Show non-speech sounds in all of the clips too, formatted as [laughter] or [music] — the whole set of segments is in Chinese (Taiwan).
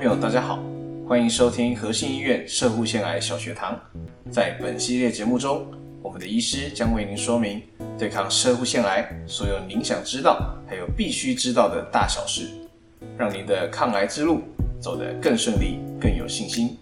朋友，大家好，歡迎收聽和信醫院攝護腺癌小學堂。在本系列節目中，我們的醫師將為您說明對抗攝護腺癌所有您想知道，還有必須知道的大小事，讓您的抗癌之路走得更順利、更有信心。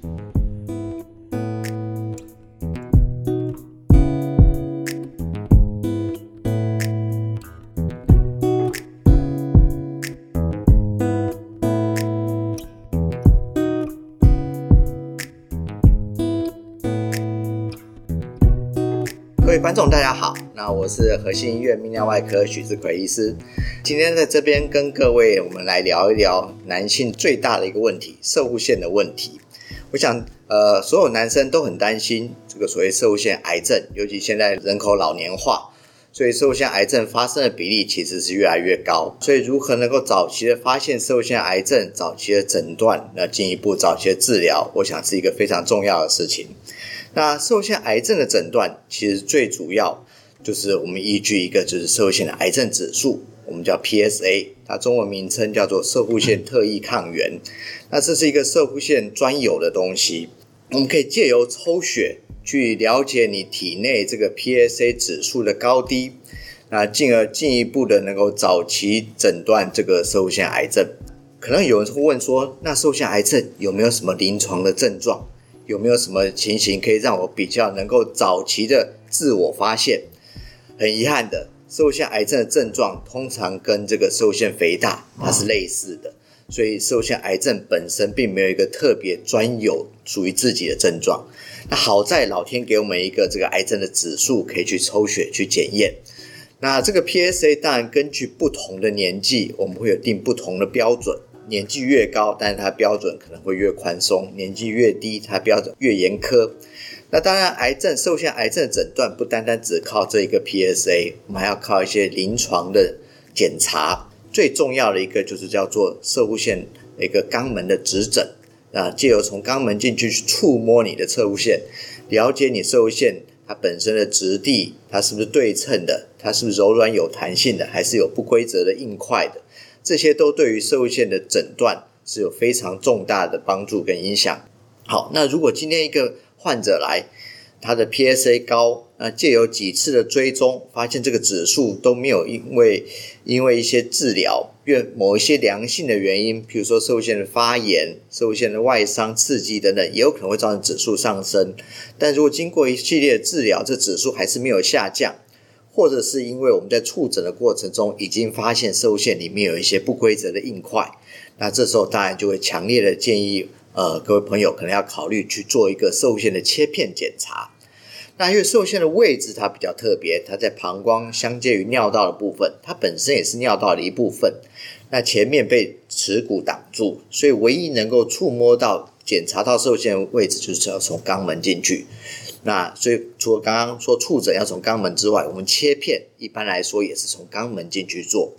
觀眾大家好，那我是和信醫院泌尿外科許志魁醫師，今天在這邊跟各位我們來聊一聊男性最大的一個問題——攝護腺的問題。我想，呃，所有男生都很擔心這個所謂攝護腺癌症，尤其現在人口老年化，所以攝護腺癌症發生的比例其實是越來越高。所以，如何能夠早期的發現攝護腺癌症，早期的診斷，那進一步早期的治療，我想是一個非常重要的事情。那攝護腺癌症的診斷其實，最主要就是我們依據一個就是攝護腺的癌症指數，我們叫 PSA，它中文名稱叫做攝護腺特異抗原。 [laughs] 那這是一個攝護腺專有的東西，我們可以借由抽血去了解你體內這個 PSA 指數的高低，那進而進一步的能夠早期診斷這個攝護腺癌症。可能有人會問說，那攝護腺癌症有沒有什麼臨床的症狀？有沒有什麼情形可以讓我比較能夠早期的自我發現？很遺憾的，攝護腺癌症的症狀通常跟這個攝護腺肥大它是類似的，所以攝護腺癌症本身並沒有一個特別專有屬於自己的症狀。那好在老天給我們一個這個癌症的指數，可以去抽血去檢驗。那這個 PSA，當然根據不同的年紀，我們會有訂不同的標準。年紀越高，但是它標準可能會越寬鬆；年紀越低，它標準越嚴苛。那當然，癌症攝護腺癌症的診斷不單單只靠這一個 PSA，我們還要靠一些臨床的檢查。最重要的一個就是叫做攝護腺的一個肛門的指診啊，借由從肛門進去去觸摸你的攝護腺，了解你攝護腺它本身的質地，它是不是對稱的，它是不是柔軟有彈性的，還是有不規則的硬塊的。這些都對於攝護腺的診斷是有非常重大的幫助跟影響。好，那如果今天一個患者來，他的 PSA 高，那藉由幾次的追蹤，發現這個指數都沒有因為因為一些治療，因為某一些良性的原因，比如說攝護腺的發炎、攝護腺的外傷刺激等等，也有可能會造成指數上升。但如果經過一系列的治療，這指數還是沒有下降。或者是因為我們在觸診的過程中已經發現攝護腺裡面有一些不規則的硬塊，那這時候當然就會強烈的建議呃各位朋友可能要考慮去做一個攝護腺的切片檢查。那因為攝護腺的位置它比較特別，它在膀胱相接於尿道的部分，它本身也是尿道的一部分，那前面被恥骨擋住，所以唯一能夠觸摸到、檢查到攝護腺的位置就是要從肛門進去。那所以，除了剛剛說觸診要從肛門之外，我們切片一般來說也是從肛門進去做。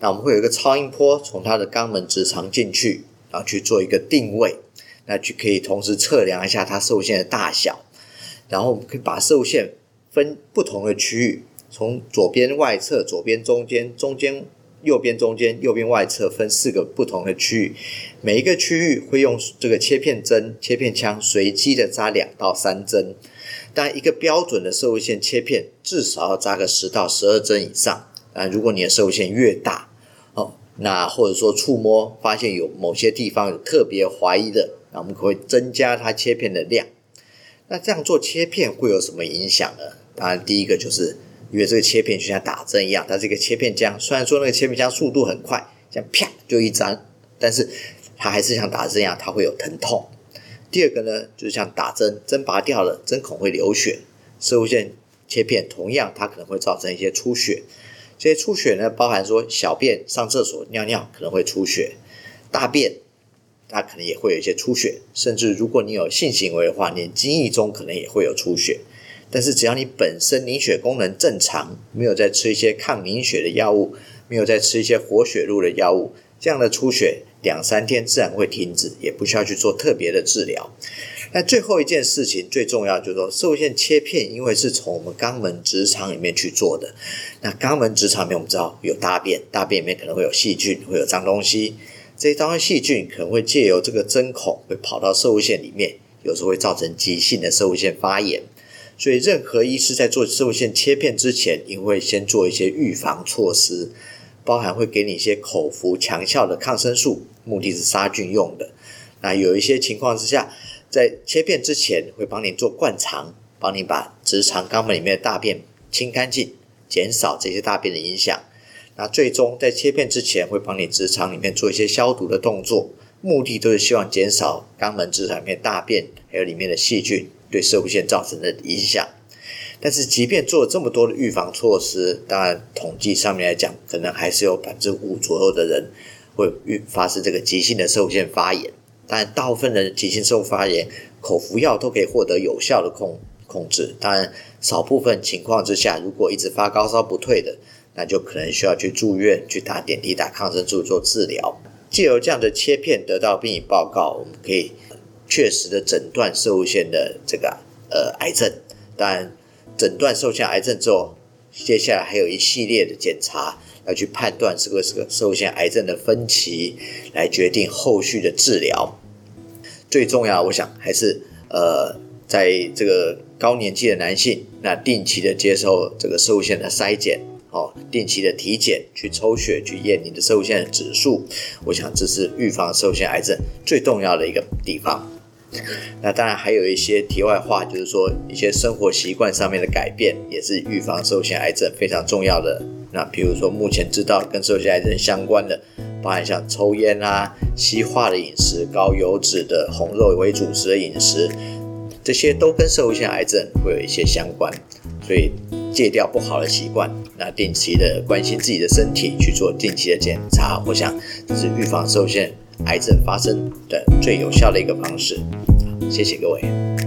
那我們會有一個超音波從它的肛門直腸進去，然後去做一個定位，那就可以同時測量一下它攝護腺的大小，然後我們可以把攝護腺分不同的區域，從左邊外側、左邊中間、中間。右邊中間、右邊外側分四個不同的區域，每一個區域會用這個切片針、切片槍隨機的扎兩到三針，但一個標準的攝護腺切片至少要扎個十到十二針以上。啊，如果你的攝護腺越大，哦，那或者說觸摸發現有某些地方有特別懷疑的，那我們可以會增加它切片的量。那這樣做切片會有什麼影響呢？當然，第一個就是。因為這個切片就像打針一樣，它是一個切片槍，雖然說那個切片槍速度很快，像啪就一扎，但是它還是像打針一樣，它會有疼痛。第二個呢，就是像打針，針拔掉了，針孔會流血。攝護腺切片同樣，它可能會造成一些出血。這些出血呢，包含說小便上廁所尿尿可能會出血，大便它可能也會有一些出血，甚至如果你有性行為的話，你精液中可能也會有出血。但是只要你本身凝血功能正常，沒有再吃一些抗凝血的藥物，沒有再吃一些活血路的藥物，這樣的出血兩三天自然會停止，也不需要去做特別的治療。那最後一件事情最重要，就是說，攝護腺切片，因為是從我們肛門直腸裡面去做的。那肛門直腸裡面我們知道有大便，大便裡面可能會有細菌，會有髒東西，這些髒東西細菌可能會借由這個針孔會跑到攝護腺裡面，有時候會造成急性的攝護腺發炎。所以，任何醫師在做攝護腺切片之前，應會先做一些預防措施，包含會給你一些口服強效的抗生素，目的是殺菌用的。那有一些情況之下，在切片之前會幫你做灌腸，幫你把直腸肛門裡面的大便清乾淨，減少這些大便的影響。那最終在切片之前會幫你直腸裡面做一些消毒的動作，目的都是希望減少肛門直腸裡面的大便。還有裡面的細菌對攝護腺造成的影響，但是即便做了這麼多的預防措施，當然統計上面來講，可能還是有百分之五左右的人會遇發生這個急性的攝護腺發炎。當然，大部分的急性攝護腺發炎，口服藥都可以獲得有效的控控制。當然，少部分情況之下，如果一直發高燒不退的，那就可能需要去住院去打點滴、打抗生素做治療。借由這樣的切片得到病理報告，我們可以。確實的診斷攝護腺的這個呃癌症。當然診斷攝護腺癌症之後，接下來還有一系列的檢查要去判斷是不是個攝護腺癌症的分期，來決定後續的治療。最重要，我想還是呃在這個高年紀的男性，那定期的接受這個攝護腺的篩檢，哦，定期的體檢，去抽血去驗你的攝護腺的指數。我想這是預防攝護腺癌症最重要的一個地方。那當然還有一些題外話，就是說一些生活習慣上面的改變，也是預防攝護腺癌症非常重要的。那比如說目前知道跟攝護腺癌症相關的，包含像抽菸啊、西化的飲食、高油脂的紅肉為主食的飲食，這些都跟攝護腺癌症會有一些相關。所以戒掉不好的習慣，那定期的關心自己的身體，去做定期的檢查，我想就是預防攝護腺。癌症發生的最有效的一個方式，謝謝各位。